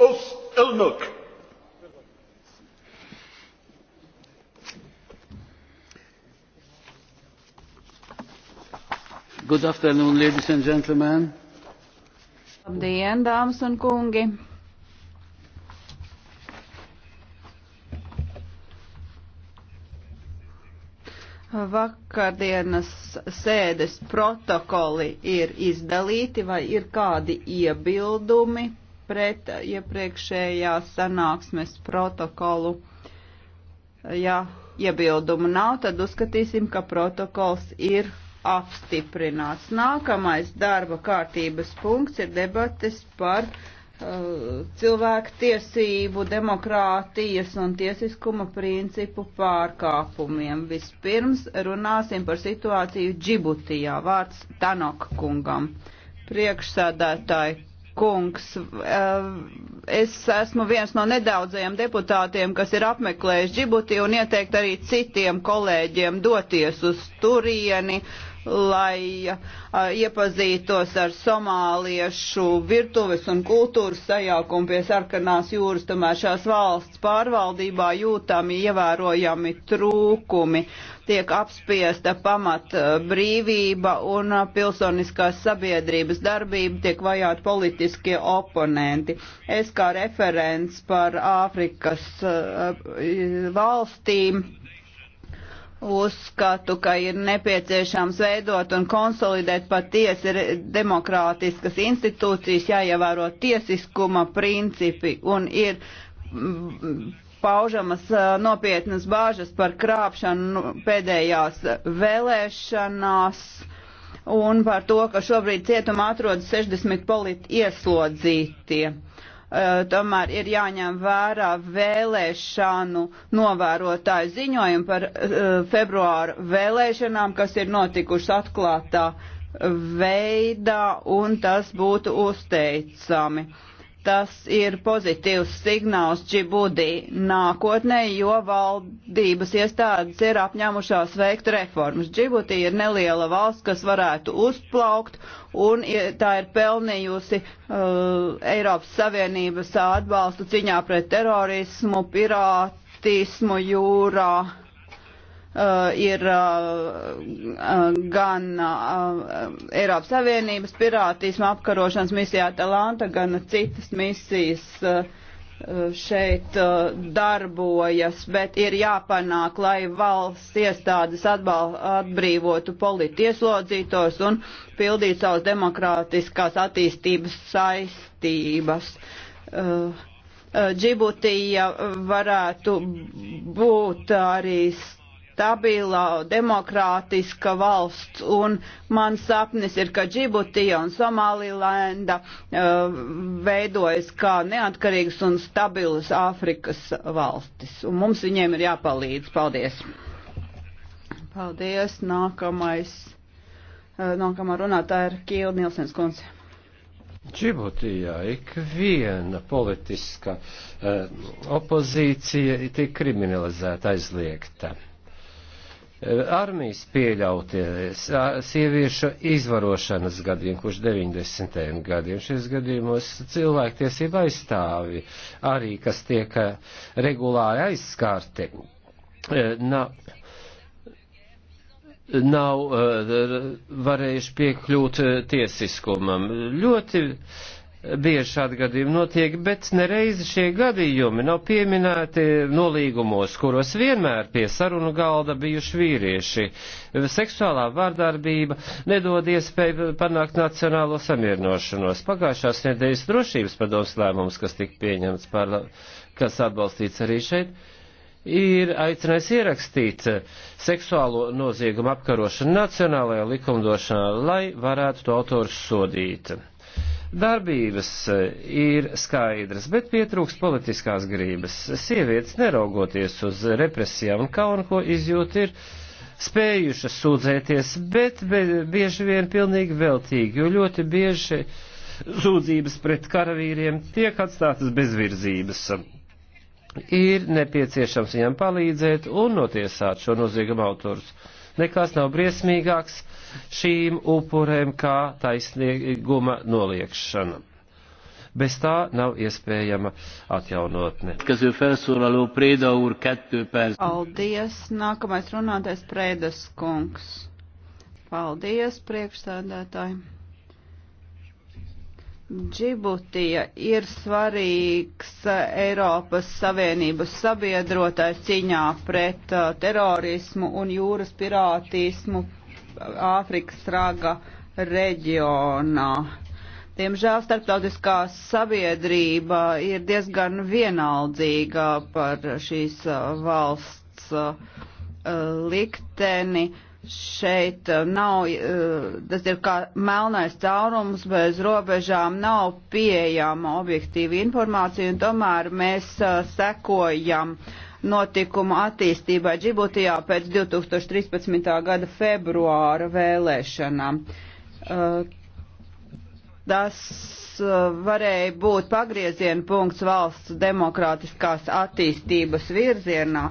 أس النك Good afternoon, ladies and gentlemen. Labdien, dāmas un kungi! Vakardienas sēdes protokoli ir izdalīti, vai ir kādi iebildumi? pret iepriekšējās sanāksmes protokolu. Ja iebildumu nav, tad uzskatīsim, ka protokols ir apstiprināts. Nākamais darba kārtības punkts ir debates par uh, cilvēku tiesību, demokrātijas un tiesiskuma principu pārkāpumiem. Vispirms runāsim par situāciju Džibutijā. Vārds Tanok kungam. Priekšsēdētāji kungs, eh, es esmu viens no nedaudzajiem deputātiem, kas ir apmeklējis Džibutī un ieteikt arī citiem kolēģiem doties uz turieni lai uh, iepazītos ar somāliešu virtuves un kultūras sajaukumu pie sarkanās jūras, tomēr šās valsts pārvaldībā jūtami ievērojami trūkumi. Tiek apspiesta pamat brīvība un pilsoniskās sabiedrības darbība, tiek vajāti politiskie oponenti. Es kā referents par Āfrikas uh, valstīm Uzskatu, ka ir nepieciešams veidot un konsolidēt patiesi demokrātiskas institūcijas, jāievēro tiesiskuma principi un ir mm, paužamas nopietnas bāžas par krāpšanu nu, pēdējās vēlēšanās un par to, ka šobrīd cietumā atrodas 60 politi ieslodzītie. Uh, Eh, tomēr ir jāņem vērā vēlēšanu novērotāju ziņojumu par eh, februāru vēlēšanām, kas ir notikušas atklātā veidā, un tas būtu uzteicami. Uh, tas ir pozitīvs signāls Džibudī nākotnē, jo valdības iestādes ir apņēmušās veikt reformas. Džibutī ir neliela valsts, kas varētu uzplaukt, un tā ir pelnījusi uh, Eiropas Savienības atbalstu ciņā pret terorismu, pirātismu jūrā Uh, ir uh, uh, gan Eiropas Savienības pirātismu apkarošanas misijā Atalanta, gan citas misijas šeit darbojas, bet ir jāpanāk, lai valsts iestādes atbal, atbrīvotu politieslodzītos un pildītu savas demokrātiskās attīstības saistības. Džibutija varētu būt arī stabila, demokrātiska valsts, un mans sapnis ir, ka Džibutija un Somālilenda uh, veidojas kā neatkarīgas un stabilas Āfrikas valstis, un mums viņiem ir jāpalīdz. Paldies! Paldies! Nākamais, uh, nākamā runātāja ir Kīla Nielsens kundze. Džibutijā ikviena politiska uh, opozīcija tiek kriminalizēta, aizliegta armijas pieļauties sieviešu izvarošanas gadiem, kurš 90. gadiem. Šis gadījumos cilvēktiesība aizstāvi arī, kas tiek regulāri aizskārti. E, nav, nav e, varējuši piekļūt e, tiesiskumam. Ļoti bieži šādi gadījumi notiek, bet nereizi šie gadījumi nav pieminēti nolīgumos, kuros vienmēr pie sarunu galda bijuši vīrieši. Seksuālā vārdarbība nedod iespēju panākt nacionālo samierinošanos. Pagājušās nedēļas drošības padoms lēmums, kas tika pieņemts, par, kas atbalstīts arī šeit, ir aicinājis ierakstīt seksuālo noziegumu apkarošanu nacionālajā likumdošanā, lai varētu to autors sodīt darbības e, ir skaidras, bet pietrūks politiskās grības. Sievietes, neraugoties uz represijām un kaunu, ko izjūt, ir spējušas sūdzēties, bet bieži vien pilnīgi veltīgi, jo ļoti bieži sūdzības pret karavīriem tiek atstātas bez virzības. Ir nepieciešams viņam palīdzēt un notiesāt šo noziegumu autorus. Nekas nav briesmīgāks šīm upurēm kā taisnīguma noliekšana. Bez tā nav iespējama atjaunotne. Paldies! Nākamais runātais Prēdas kungs. Paldies, priekšsēdētāji! Džibutija ir svarīgs eh, Eiropas Savienības sabiedrotais ciņā pret eh, terorismu un jūras pirātismu Āfrikas raga reģionā. Diemžēl starptautiskā sabiedrība ir diezgan vienaldzīga par šīs uh, valsts uh, likteni. Šeit uh, nav, tas ir kā melnais caurums, bez robežām nav pieejama objektīva informācija, un tomēr mēs sekojam uh, notikuma attīstībai Džibutijā pēc 2013. gada februāra vēlēšanām. Uh, tas uh, varēja būt pagrieziena punkts valsts demokrātiskās attīstības virzienā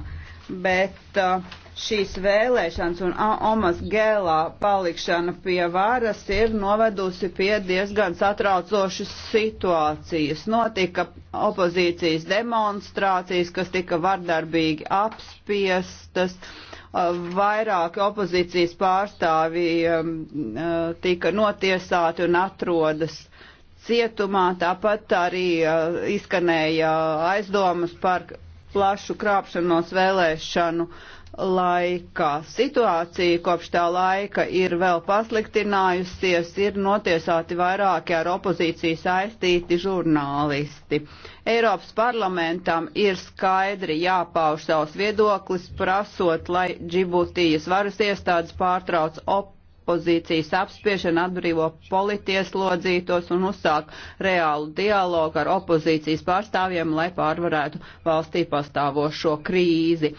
bet uh, šīs vēlēšanas un Omas Gēlā palikšana pie varas ir novedusi pie diezgan satraucošas situācijas. Notika opozīcijas demonstrācijas, kas tika vardarbīgi apspiestas uh, vairāki opozīcijas pārstāvji um, uh, tika notiesāti un atrodas cietumā. Tāpat arī izskanēja aizdomas par plašu krāpšanos vēlēšanu laikā. Situācija kopš tā laika ir vēl pasliktinājusies, ir notiesāti vairāki ar opozīciju saistīti žurnālisti. Eiropas parlamentam ir skaidri jāpauž savs viedoklis, prasot, lai Džibutijas varas iestādes pārtrauc opozīciju opozīcijas apspiešana atbrīvo politieslodzītos un uzsāk reālu dialogu ar opozīcijas pārstāvjiem, lai pārvarētu valstī pastāvošo krīzi.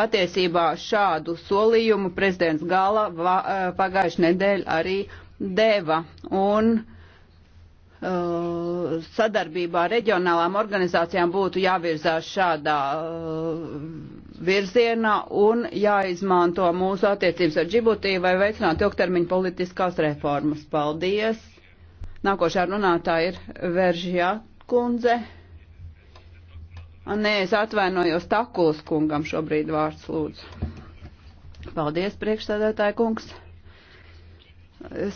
Patiesībā šādu solījumu prezidents Gala eh, pagājuši nedēļ arī deva. Un, uh, Uh, sadarbībā ar reģionālām organizācijām būtu jāvirzās šādā uh, virzienā un jāizmanto mūsu attiecības ar Džibutī, lai veicinātu ilgtermiņu politiskās reformas. Paldies! Nākošā runātāja ir Veržjā kundze. Nē, es atvainojos Takuls kungam šobrīd vārds lūdzu. Paldies, priekšsēdētāja kungs!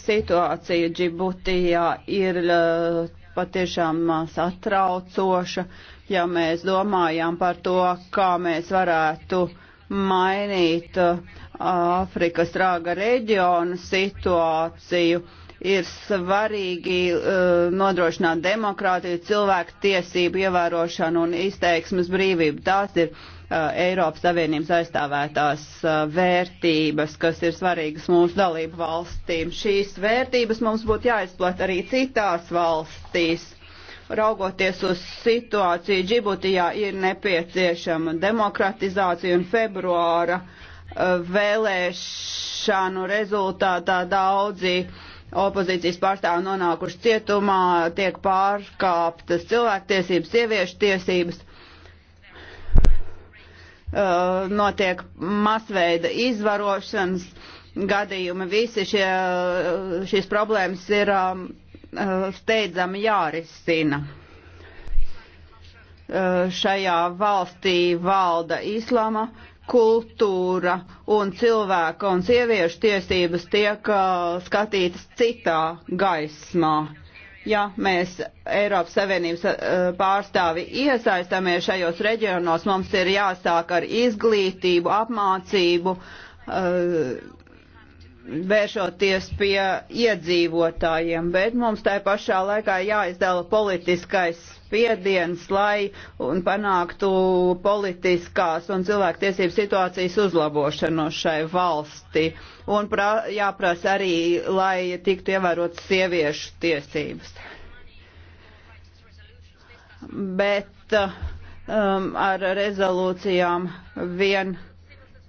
Situācija Džibutijā ir patiešām satraucoša, ja mēs domājam par to, kā mēs varētu mainīt Āfrikas rāga reģiona situāciju ir svarīgi uh, nodrošināt demokrātiju, cilvēku tiesību ievērošanu un izteiksmes brīvību. Tās ir Uh, Eiropas Savienības aizstāvētās uh, vērtības, kas ir svarīgas mūsu dalību valstīm. Šīs vērtības mums būtu jāizplat arī citās valstīs. Raugoties uz situāciju, Džibutijā ir nepieciešama demokratizācija un februāra uh, vēlēšanu rezultātā daudzi opozīcijas pārstāvi nonākuši cietumā, tiek pārkāptas cilvēktiesības, sieviešu tiesības Eh, notiek masveida izvarošanas gadījumi. Visi šie, šīs problēmas ir um, eh, steidzami jārisina. Eh, šajā valstī valda islama kultūra un cilvēka un sieviešu tiesības tiek skatītas citā gaismā ja mēs Eiropas Savienības eh, pārstāvi iesaistamies šajos reģionos, mums ir jāsāk ar izglītību, apmācību, eh, vēršoties pie iedzīvotājiem, bet mums tai pašā laikā jāizdala politiskais spiediens, lai un panāktu politiskās un cilvēktiesību situācijas uzlabošanos šai valsti. Un pra, jāprasa arī, lai tiktu ievērotas sieviešu tiesības. Bet um, ar rezolūcijām vien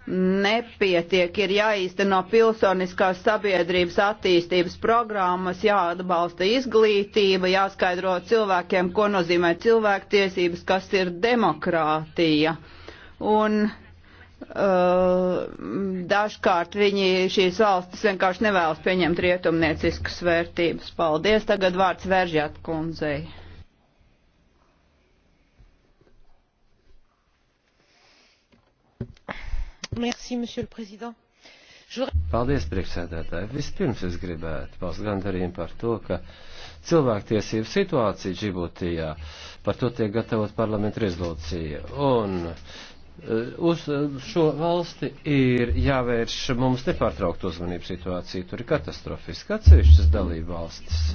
nepietiek, ir jāīsteno pilsoniskās sabiedrības attīstības programmas, jāatbalsta izglītība, jāskaidro cilvēkiem, ko nozīmē cilvēktiesības, kas ir demokrātija. Un uh, dažkārt viņi šīs valstis vienkārši nevēlas pieņemt rietumnieciskas vērtības. Paldies, tagad vārds Veržjāt kundzei. Merci, monsieur le président. Paldies, priekšsēdētāji. Vispirms es gribētu paust gandarījumu par to, ka cilvēktiesību situācija Džibutijā, par to tiek gatavot parlamentu rezolūcija. Un eh, uz eh, šo valsti ir jāvērš mums nepārtraukt uzmanību situācija, tur ir katastrofiski atsevišķas dalība valstis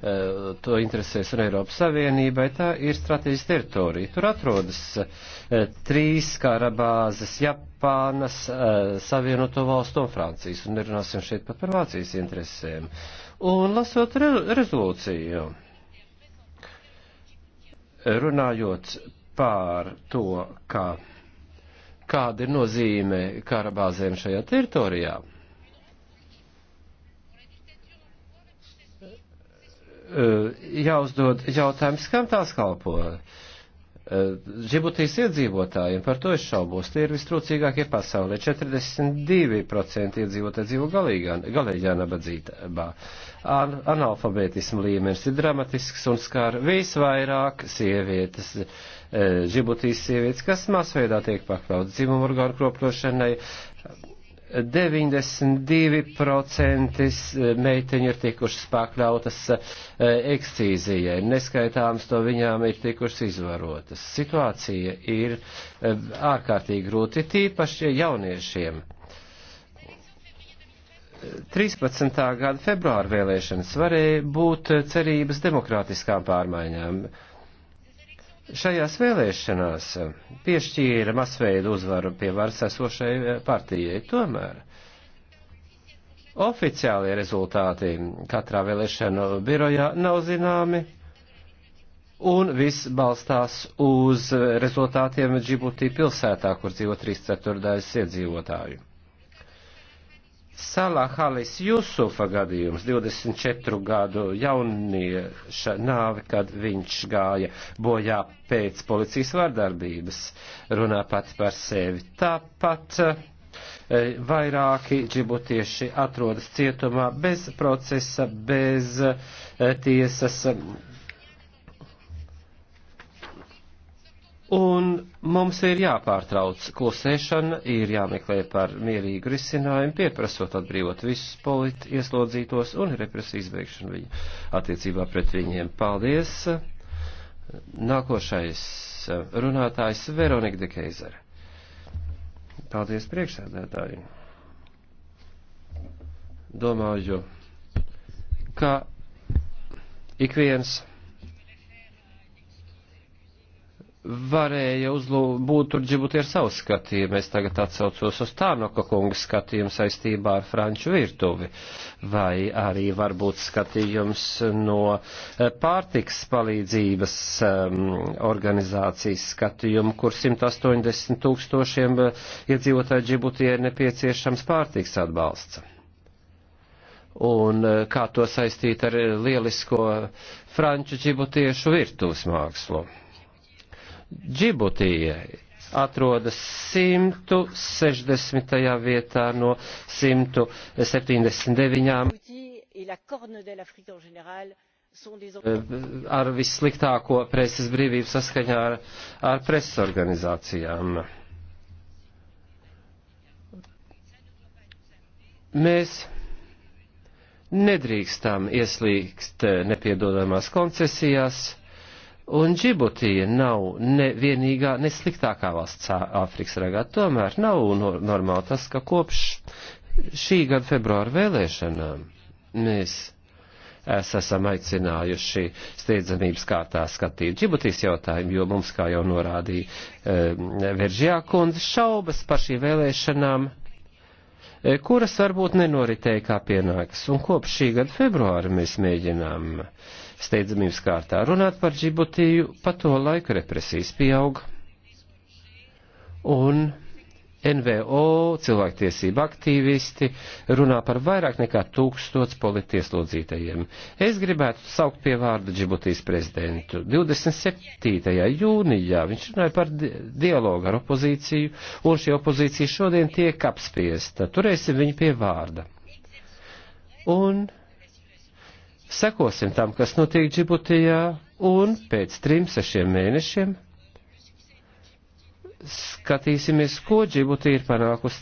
Eh, to interesēs un Eiropas Savienībai, tā ir strateģiska teritorija. Tur atrodas eh, trīs kara bāzes - Japānas, eh, Savienoto valstu un Francijas, un nerunāsim šeit pat par Vācijas interesēm. Un lasot re rezolūciju, runājot pār to, kā, kāda ir nozīme kara bāzēm šajā teritorijā Eh, jāuzdod jautājums, kam tās kalpo. Eh, Džibutīs iedzīvotājiem, par to es šaubos, tie ir vistrūcīgākie pasaulē. 42% iedzīvotāji dzīvo galīgā nabadzībā. An analfabētismu līmenis ir dramatisks un skar visvairāk sievietes, eh, Džibutīs sievietes, kas masveidā tiek pakļautas dzimumu orgānu kroplošanai, 92% e, meiteņu ir tikušas pakļautas e, ekscīzijai, neskaitāms to viņām ir tikušas izvarotas. Situācija ir e, ārkārtīgi grūti, tīpaši jauniešiem. 13. gada februāra vēlēšanas varēja būt cerības demokrātiskām pārmaiņām šajās vēlēšanās piešķīra masveidu uzvaru pie varas esošai eh, partijai. Tomēr oficiālie rezultāti katrā vēlēšanu birojā nav zināmi, un viss balstās uz rezultātiem Džibutī pilsētā, kur dzīvo 3 ceturdaļas iedzīvotāju. Salahalis Jusufa gadījums, 24 gadu jaunieša nāve, kad viņš gāja bojā pēc policijas vardarbības, runā pats par sevi. Tāpat e, vairāki džibutieši atrodas cietumā bez procesa, bez e, tiesas Un mums ir jāpārtrauc klusēšana, ir jāmeklē par mierīgu risinājumu, pieprasot atbrīvot visus politi ieslodzītos un represiju izbeigšanu viņu attiecībā pret viņiem. Paldies! Nākošais eh, runātājs Veronika de Keizere. Paldies priekšsēdētāji. Domāju, ka ik viens varēja uzlū, būt tur Džibuti ar savu skatījumu. Es tagad atsaucos uz Tānoka kunga skatījumu saistībā ar franču virtuvi, vai arī varbūt skatījums no eh, pārtiks palīdzības um, organizācijas skatījumu, kur 180 tūkstošiem eh, iedzīvotāju Džibuti ir nepieciešams pārtiks atbalsts un eh, kā to saistīt ar lielisko franču džibutiešu virtuves mākslu. Džibutija atrodas 160. vietā no 179. Eh, ar vissliktāko preses brīvību saskaņā ar, ar preses organizācijām. Mēs nedrīkstam ieslīgst nepiedodamās koncesijās Un Džibutija nav ne vienīgā, ne sliktākā valsts Āfrikas ragā. Tomēr nav nor normāli tas, ka kopš šī gada februāra vēlēšanām mēs es esam aicinājuši steidzamības kārtā skatīt Džibutīs jautājumu, jo mums, kā jau norādīja e, ehm, Veržjā kundze, šaubas par šī vēlēšanām, e, kuras varbūt nenoritēja kā pienākas. Un kopš šī gada februāra mēs mēģinām. E, steidzamības kārtā. Runāt par Džibutiju, pa to laiku represijas pieauga. Un NVO, cilvēktiesība aktīvisti runā par vairāk nekā tūkstots politieslodzītajiem. Es gribētu saukt pie vārda Džibutijas prezidentu. 27. jūnijā viņš runāja par di dialogu ar opozīciju, un šī opozīcija šodien tiek apspiesta. Turēsim viņu pie vārda. Un sekosim tam, kas notiek Džibutijā, un pēc trim, sešiem mēnešiem skatīsimies, ko Džibutī ir panākusi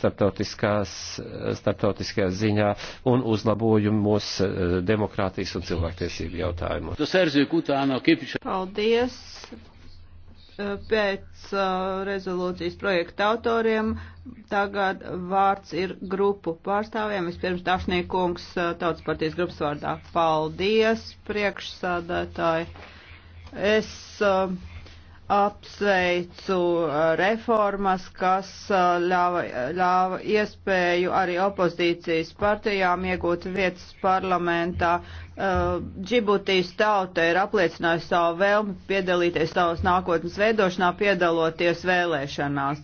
starptautiskajā ziņā un uzlabojumos eh, demokrātijas un cilvēktiesību jautājumu. Paldies! Eh, pēc eh, rezolūcijas projekta autoriem. Tagad vārds ir grupu pārstāvjiem. Vispirms Dafnī kungs eh, Tautas partijas grupas vārdā. Paldies, priekšsādātāji. Es uh, apsveicu uh, reformas, kas uh, ļāva, ļāva iespēju arī opozīcijas partijām iegūt vietas parlamentā. Uh, Džibutīs tauta ir apliecinājusi savu vēlmi piedalīties savas nākotnes veidošanā, piedaloties vēlēšanās.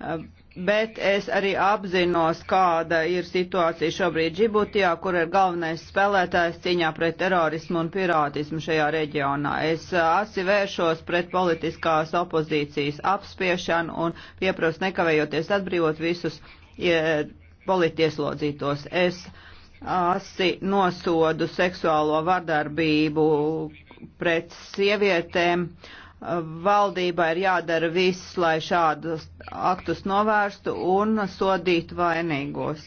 Eh, bet es arī apzinos, kāda ir situācija šobrīd Džibutijā, kur ir galvenais spēlētājs cīņā pret terorismu un pirātismu šajā reģionā. Es eh, asi vēršos pret politiskās opozīcijas apspiešanu un pieprasu nekavējoties atbrīvot visus ja, politieslodzītos. Es asi nosodu seksuālo vardarbību pret sievietēm. Uh, Valdībai ir jādara viss, lai šādus aktus novērstu un sodītu vainīgos.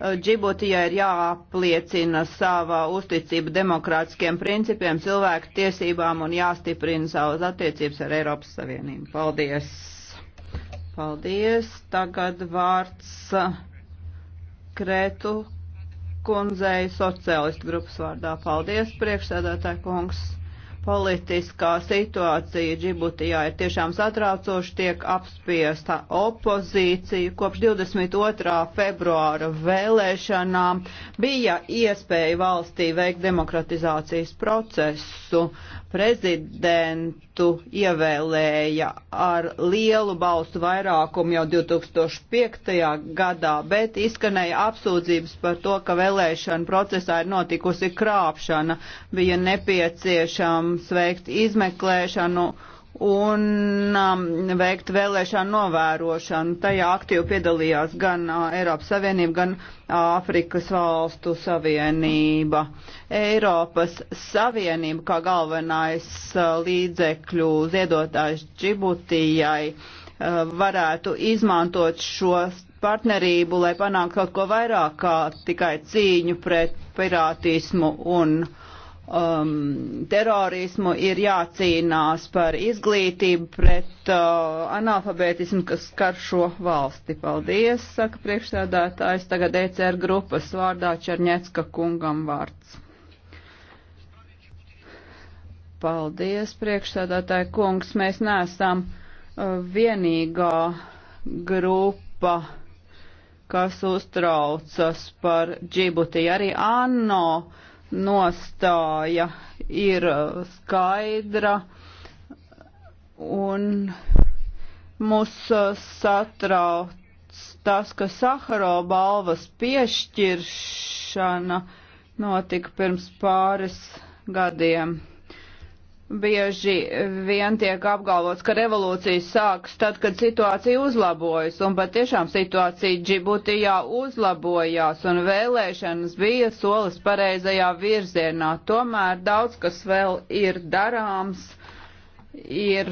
Džibutijai ir jāapliecina savā uzticība demokrātiskiem principiem, cilvēku tiesībām un jāstiprina savas attiecības ar Eiropas Savienību. Paldies! Paldies! Tagad vārds Kretu kundzei sociālistu grupas vārdā. Paldies, priekšsēdētāji kungs! Politiskā situācija Džibutijā ir tiešām satraucoša, tiek apspiesta opozīcija. Kopš 22. februāra vēlēšanām bija iespēja valstī veikt demokratizācijas procesu prezidentu ievēlēja ar lielu balstu vairākumu jau 2005. gadā, bet izskanēja apsūdzības par to, ka vēlēšana procesā ir notikusi krāpšana, bija nepieciešams veikt izmeklēšanu un um, veikt vēlēšanu novērošanu. Tajā aktīvi piedalījās gan uh, Eiropas Savienība, gan Āfrikas uh, valstu savienība. Eiropas Savienība kā galvenais uh, līdzekļu ziedotājs Džibutijai uh, varētu izmantot šo partnerību, lai panāktu kaut ko vairāk kā tikai cīņu pret pirātismu un uh, um, terorismu, ir jācīnās par izglītību pret uh, analfabētismu, kas skar šo valsti. Paldies, saka priekšsēdētājs. Tagad ECR grupas vārdā Černiecka kungam vārds. Paldies, priekšsēdētāji kungs. Mēs neesam uh, vienīgā grupa kas uztraucas par Džibuti. Arī ANO uh, nostāja ir uh, skaidra un mūs uh, satrauc tas, ka Saharo balvas piešķiršana notika pirms pāris gadiem bieži vien tiek apgalvots, ka revolūcija sāks tad, kad situācija uzlabojas, un patiešām situācija Džibutijā uzlabojās, un vēlēšanas bija solis pareizajā virzienā. Tomēr daudz kas vēl ir darāms, ir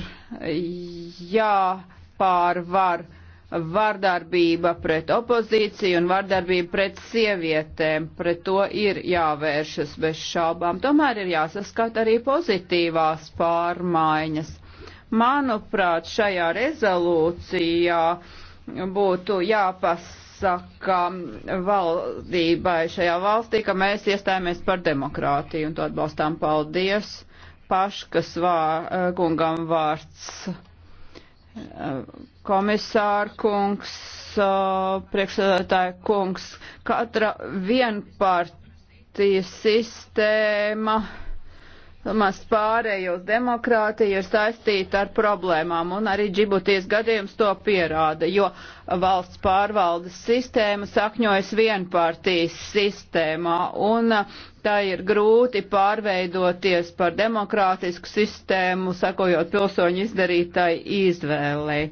jāpārvar vardarbība pret opozīciju un vardarbība pret sievietēm. Pret to ir jāvēršas bez šaubām. Tomēr ir jāsaskat arī pozitīvās pārmaiņas. Manuprāt, šajā rezolūcijā būtu jāpasaka valdībai šajā valstī, ka mēs iestājāmies par demokrātiju un to atbalstām. Paldies! Paškas vā, kungam vārds komisāra kungs, priekšsēdētāja kungs, katra vienpartija sistēma maz pārējos demokrātija ir saistīta ar problēmām, un arī Džibutīs gadījums to pierāda, jo valsts pārvaldes sistēma sakņojas vienpartijas sistēmā, un uh, tā ir grūti pārveidoties par demokrātisku sistēmu, sakojot pilsoņu izdarītai izvēlei.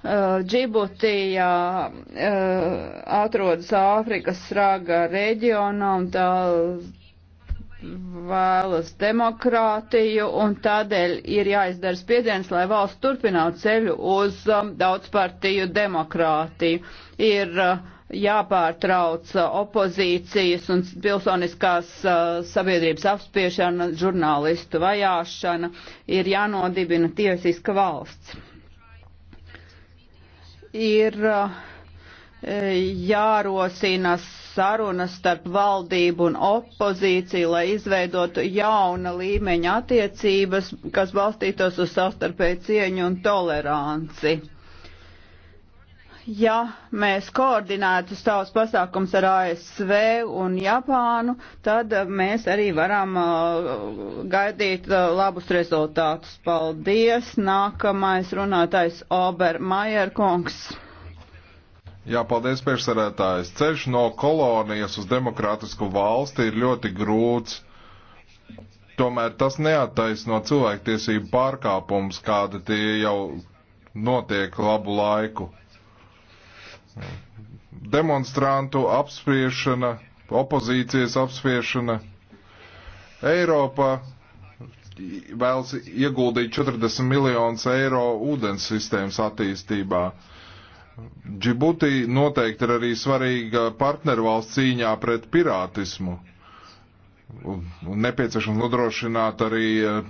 Uh, Džibutijā uh, atrodas Āfrikas raga reģionā un tā vēlas demokrātiju un tādēļ ir jāizdara spiediens, lai valsts turpinātu ceļu uz um, daudzpartiju demokrātiju. Ir uh, jāpārtrauc uh, opozīcijas un pilsoniskās uh, sabiedrības apspiešana, žurnālistu vajāšana, ir jānodibina tiesiska valsts. Ir uh, eh, jārosina sarunas starp valdību un opozīciju, lai izveidotu jauna līmeņa attiecības, kas balstītos uz savstarpēju cieņu un toleranci. Ja mēs koordinētu savus pasākums ar ASV un Japānu, tad mēs arī varam uh, gaidīt uh, labus rezultātus. Paldies! Nākamais runātais Obermajer kungs. Jā, paldies, priekšsarētājs. Ceļš no kolonijas uz demokrātisku valsti ir ļoti grūts. Tomēr tas neattaisno cilvēktiesību pārkāpums, kāda tie jau notiek labu laiku. Demonstrantu apspiešana, opozīcijas apspiešana. Eiropa vēlas ieguldīt 40 miljonus eiro ūdens sistēmas attīstībā. Džibuti noteikti ir arī svarīga partnervalsts cīņā pret pirātismu. Nepieciešams nodrošināt arī eh,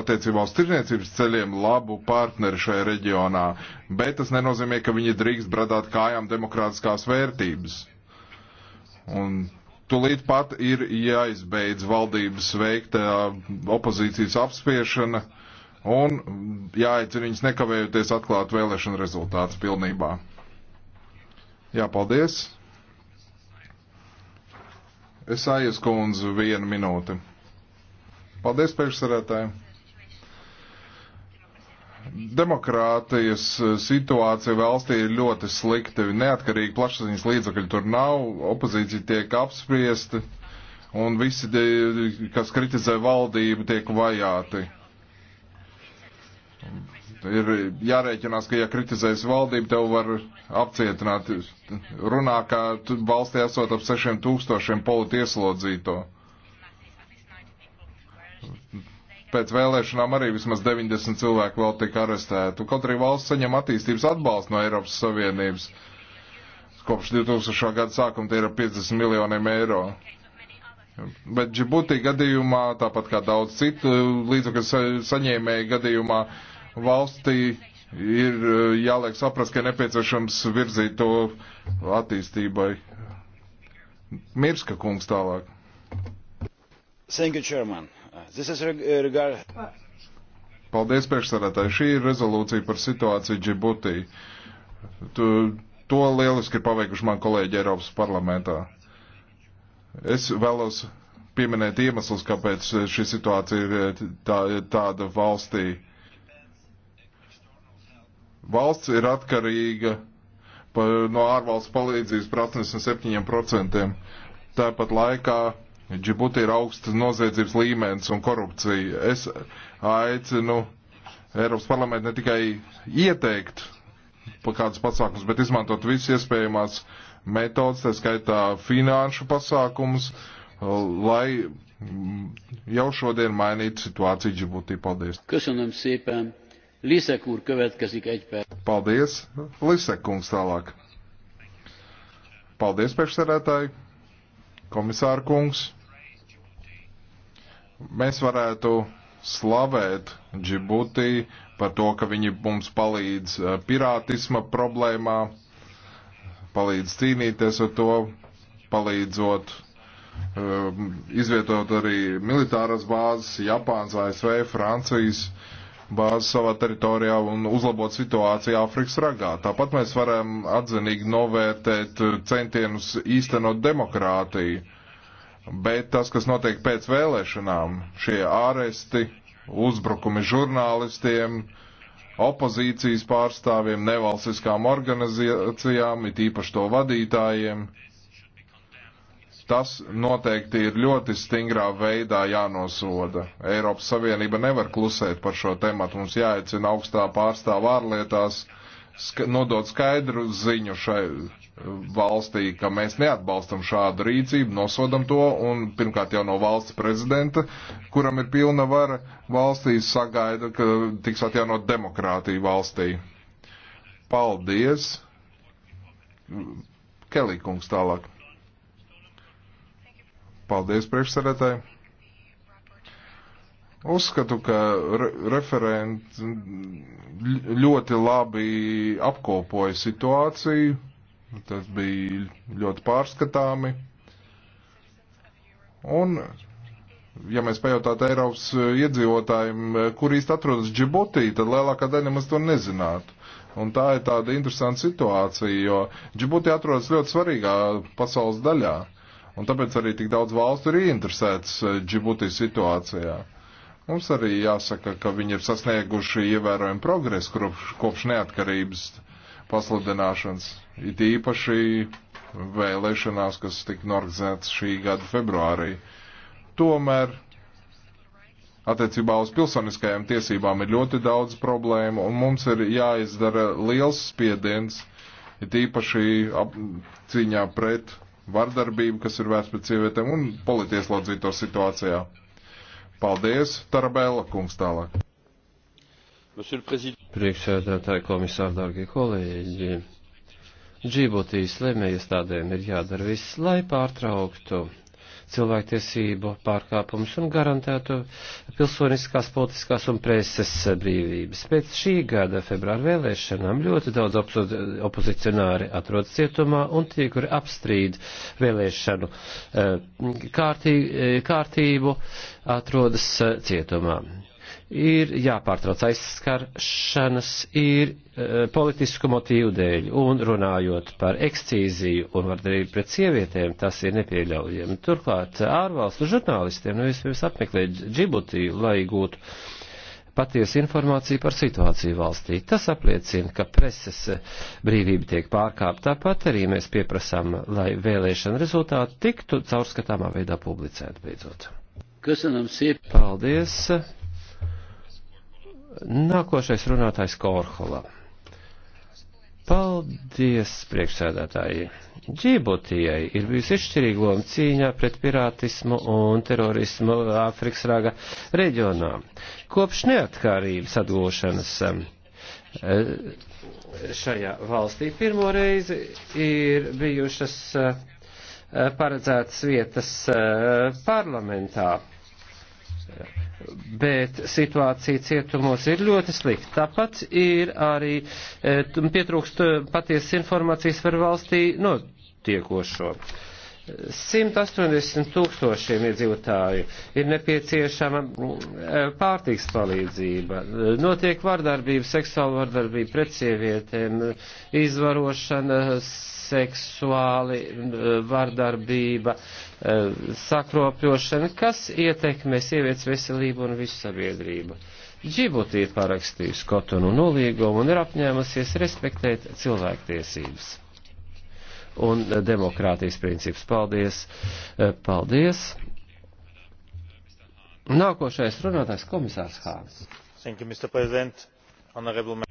attiecībā uz tirniecības ceļiem labu partneri šajā reģionā, bet tas nenozīmē, ka viņi drīkst bradāt kājām demokrātiskās vērtības. Un tūlīt pat ir jāizbeidz valdības veikta eh, opozīcijas apspiešana un jāaicina viņus nekavējoties atklāt vēlēšanu rezultātus pilnībā. Jā, paldies. Es aies kundzu vienu minūti. Paldies, priekšsarētāji. Demokrātijas situācija valstī ir ļoti slikta. Neatkarīgi plašsaziņas līdzakļi tur nav, opozīcija tiek apspriesti un visi, kas kritizē valdību, tiek vajāti ir jārēķinās, ka, ja kritizēs valdību, tev var apcietināt. Runā, ka valstī esot ap sešiem tūkstošiem politi ieslodzīto. Pēc vēlēšanām arī vismaz 90 cilvēku vēl tika arestēti. Kaut arī valsts saņem attīstības atbalstu no Eiropas Savienības. Kopš 2000. gada sākuma tie ir 50 miljoniem eiro. Bet Džibutī gadījumā, tāpat kā daudz citu līdzekļu saņēmēju gadījumā, uh, valstī ir eh, jāliek saprast, ka nepieciešams virzīt to attīstībai. Mirska kungs tālāk. Thank you, Chairman. This is regard... Paldies, priekšsarētāji. Šī ir rezolūcija par situāciju Džibutī. Tu, to lieliski ir paveikuši man kolēģi Eiropas parlamentā. Es vēlos pieminēt iemeslus, kāpēc šī situācija ir tā, tāda valstī. Uh, Valsts ir atkarīga pa, no ārvalsts palīdzības par 87%. Tāpat laikā Džibuti ir augsts noziedzības līmenis un korupcija. Es aicinu Eiropas parlamentu ne tikai ieteikt pa kādus pasākumus, bet izmantot visas iespējamās metodas, tā skaitā finanšu pasākumus, lai jau šodien mainītu situāciju Džibutī. Paldies! Köszönöm szépen! Lisek úr következik egy perc. Paldies. Lisek kungs tālāk. Paldies, priekšsēdētāji. Komisāra kungs. Mēs varētu slavēt Džibutī par to, ka viņi mums palīdz eh, pirātisma problēmā, palīdz cīnīties ar to, palīdzot um, izvietot arī militāras bāzes Japāns, ASV, Francijas uh, bāzi savā teritorijā un uzlabot situāciju Āfrikas ragā. Tāpat mēs varam atzinīgi novērtēt eh, centienus īstenot demokrātiju, bet tas, kas notiek pēc vēlēšanām, šie āresti, uzbrukumi žurnālistiem, opozīcijas pārstāvjiem, nevalstiskām organizācijām, it īpaši to vadītājiem, Tas noteikti ir ļoti stingrā veidā jānosoda. Eiropas Savienība nevar klusēt par šo tematu. Mums jāicina augstā pārstāvā ārlietās sk nodot skaidru ziņu šai valstī, ka mēs neatbalstam šādu rīcību, nosodam to un pirmkārt jau no valsts prezidenta, kuram ir pilna vara valstī, sagaida, ka tiks atjaunot demokrātija valstī. Paldies! Kelī kungs tālāk. Paldies, priekšsēdētāji. Uzskatu, ka re referenti ļoti labi apkopoja situāciju. Tas bija ļoti pārskatāmi. Un, ja mēs pajautātu Eiropas iedzīvotājiem, kur īsti atrodas Džibutī, tad lielākā daļa nemaz to nezinātu. Un tā ir tāda interesanta situācija, jo Džibutī atrodas ļoti svarīgā pasaules daļā. Un tāpēc arī tik daudz valstu ir ieinteresētas eh, Džibutī situācijā. Mums arī jāsaka, ka viņi ir sasnieguši ievērojumu progresu kopš, kopš neatkarības pasludināšanas, it īpaši vēlēšanās, kas tika norganizētas šī gada februārī. Tomēr attiecībā uz pilsoniskajām tiesībām ir ļoti daudz problēmu, un mums ir jāizdara liels spiediens, it īpaši ap, cīņā pret vardarbību, kas ir vērsta pret sievietēm un politieslodzīto situācijā. Paldies, Tarabēla kungs tālāk. Priekšsēdētāji komisāri, dārgie kolēģi, Džibutīs lemējas tādēm ir jādara viss, lai pārtrauktu cilvēktiesību pārkāpumus un garantētu pilsoniskās, politiskās un preses brīvības. Pēc šī gada februāra vēlēšanām ļoti daudz opo opozicionāri atrodas cietumā un tie, kuri apstrīd vēlēšanu eh, kārtī, eh, kārtību, atrodas eh, cietumā ir jāpārtrauc aizskaršanas, ir e, politisku motīvu dēļ, un runājot par ekscīziju un vardarbību pret sievietēm, tas ir nepieļaujami. Turklāt ārvalstu žurnālistiem nevis pirms apmeklēt Džibutī, lai gūtu patiesu informāciju par situāciju valstī. Tas apliecina, ka preses brīvība tiek pārkāpta, tāpat arī mēs pieprasām, lai vēlēšana rezultāti tiktu caurskatāmā veidā publicēti beidzot. Köszönöm szépen! Paldies! Nākošais runātājs Korhola. Paldies, priekšsēdētāji! Džibutijai ir bijusi izšķirīga loma cīņā pret pirātismu un terorismu Āfrikas rāga reģionā. Kopš neatkarības atgūšanas eh, šajā valstī pirmo reizi ir bijušas eh, paredzētas vietas eh, parlamentā bet situācija cietumos ir ļoti slikta. Tāpat ir arī e, pietrūkst e, patiesas informācijas par valstī notiekošo. 180 tūkstošiem iedzīvotāju ir nepieciešama eh, pārtīks palīdzība. Notiek vardarbība, seksuāla vardarbība pret sievietēm, izvarošana, seksuāli eh, vardarbība, eh, sakropļošana, kas ietekmē sievietes veselību un visu sabiedrību. Džibutī ir parakstījusi Kotonu nolīgumu un ir apņēmusies respektēt cilvēktiesības un demokrātijas princips. Paldies! Paldies! Nākošais runātājs komisārs Hāns.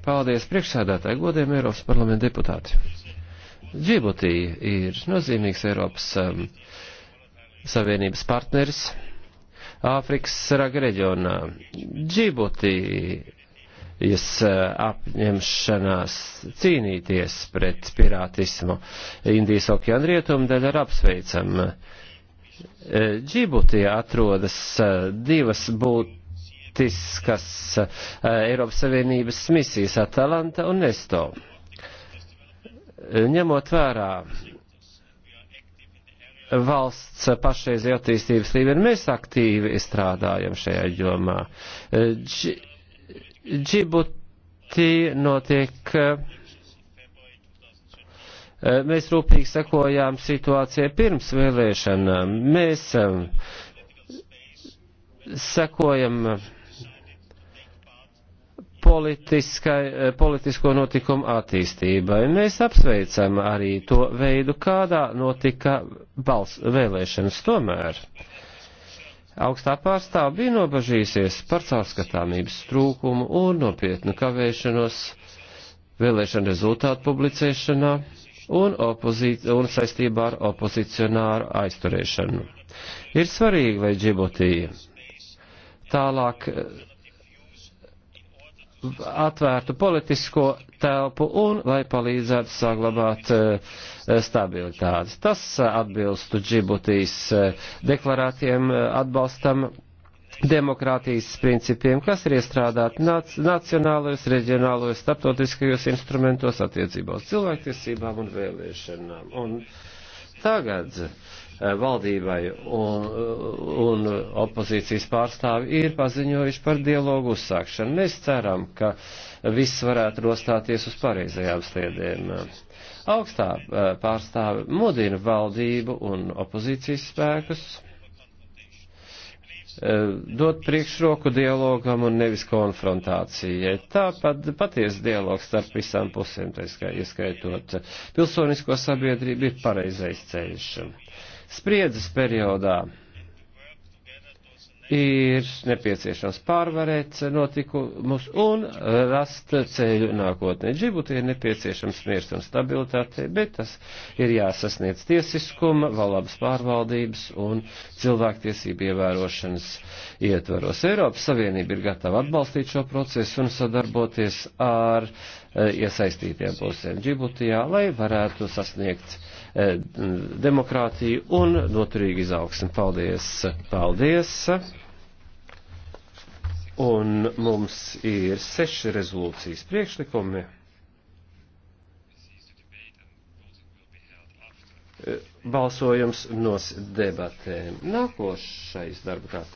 Paldies priekšsēdētāji, godiem Eiropas parlamenta deputāti. Džibutī ir nozīmīgs Eiropas um, Savienības partneris Āfrikas raga reģionā. Džibutī Jas eh, apņemšanās cīnīties pret pirātismu Indijas okeāna rietumdaļa ir apsveicama. Eh, Džibutī atrodas eh, divas būtiskas Eiropas Savienības misijas - Atalanta un Nesto. Ņemot vērā valsts pašreizējā attīstības līmeni, mēs aktīvi strādājam šajā jomā. Dži Džibutī notiek. Eh, eh, mēs rūpīgi sekojām situācijai pirms vēlēšanām. Mēs eh, sekojam politisko notikumu attīstībai. Mēs apsveicam arī to veidu, kādā notika balss vēlēšanas tomēr. Uh, Augstā pārstāva bija nobažījusies par caurskatāmības trūkumu un nopietnu kavēšanos vēlēšana rezultātu publicēšanā un, un saistībā ar opozicionāru aizturēšanu. Ir svarīgi, lai Džibutī tālāk atvērtu politisko telpu un lai palīdzētu saglabāt eh, stabilitāti. Tas eh, atbilstu Džibutīs eh, deklarētiem atbalstam demokrātijas principiem, kas ir iestrādāti nac nacionālajos, reģionālajos, starptautiskajos instrumentos attiecībā uz cilvēktiesībām un vēlēšanām. Un tagad uh, Eh, valdībai un, un opozīcijas pārstāvi ir paziņojuši par dialogu uzsākšanu. Mēs ceram, ka viss varētu nostāties uz pareizajām sliedēm. Augstā eh, pārstāve modina valdību un opozīcijas spēkus eh, dot priekšroku dialogam un nevis konfrontācijai. Tāpat paties dialogs starp visām pusēm, tā ieskaitot pilsonisko sabiedrību, ir pareizais ceļš spriedzes periodā ir nepieciešams pārvarēt notikumus un rast ceļu nākotnē. Džibutī ir nepieciešams miers un stabilitāte, bet tas ir jāsasniedz tiesiskuma, valabas pārvaldības un cilvēktiesību ievērošanas ietvaros. Eiropas Savienība ir gatava atbalstīt šo procesu un sadarboties ar eh, iesaistītiem pusēm Džibutijā, lai varētu sasniegt demokrātiju un noturīgu izaugsmu. Paldies! Paldies! Un mums ir seši rezolūcijas priekšlikumi. Balsojums nos debatēm. Nākošais darba kārtības.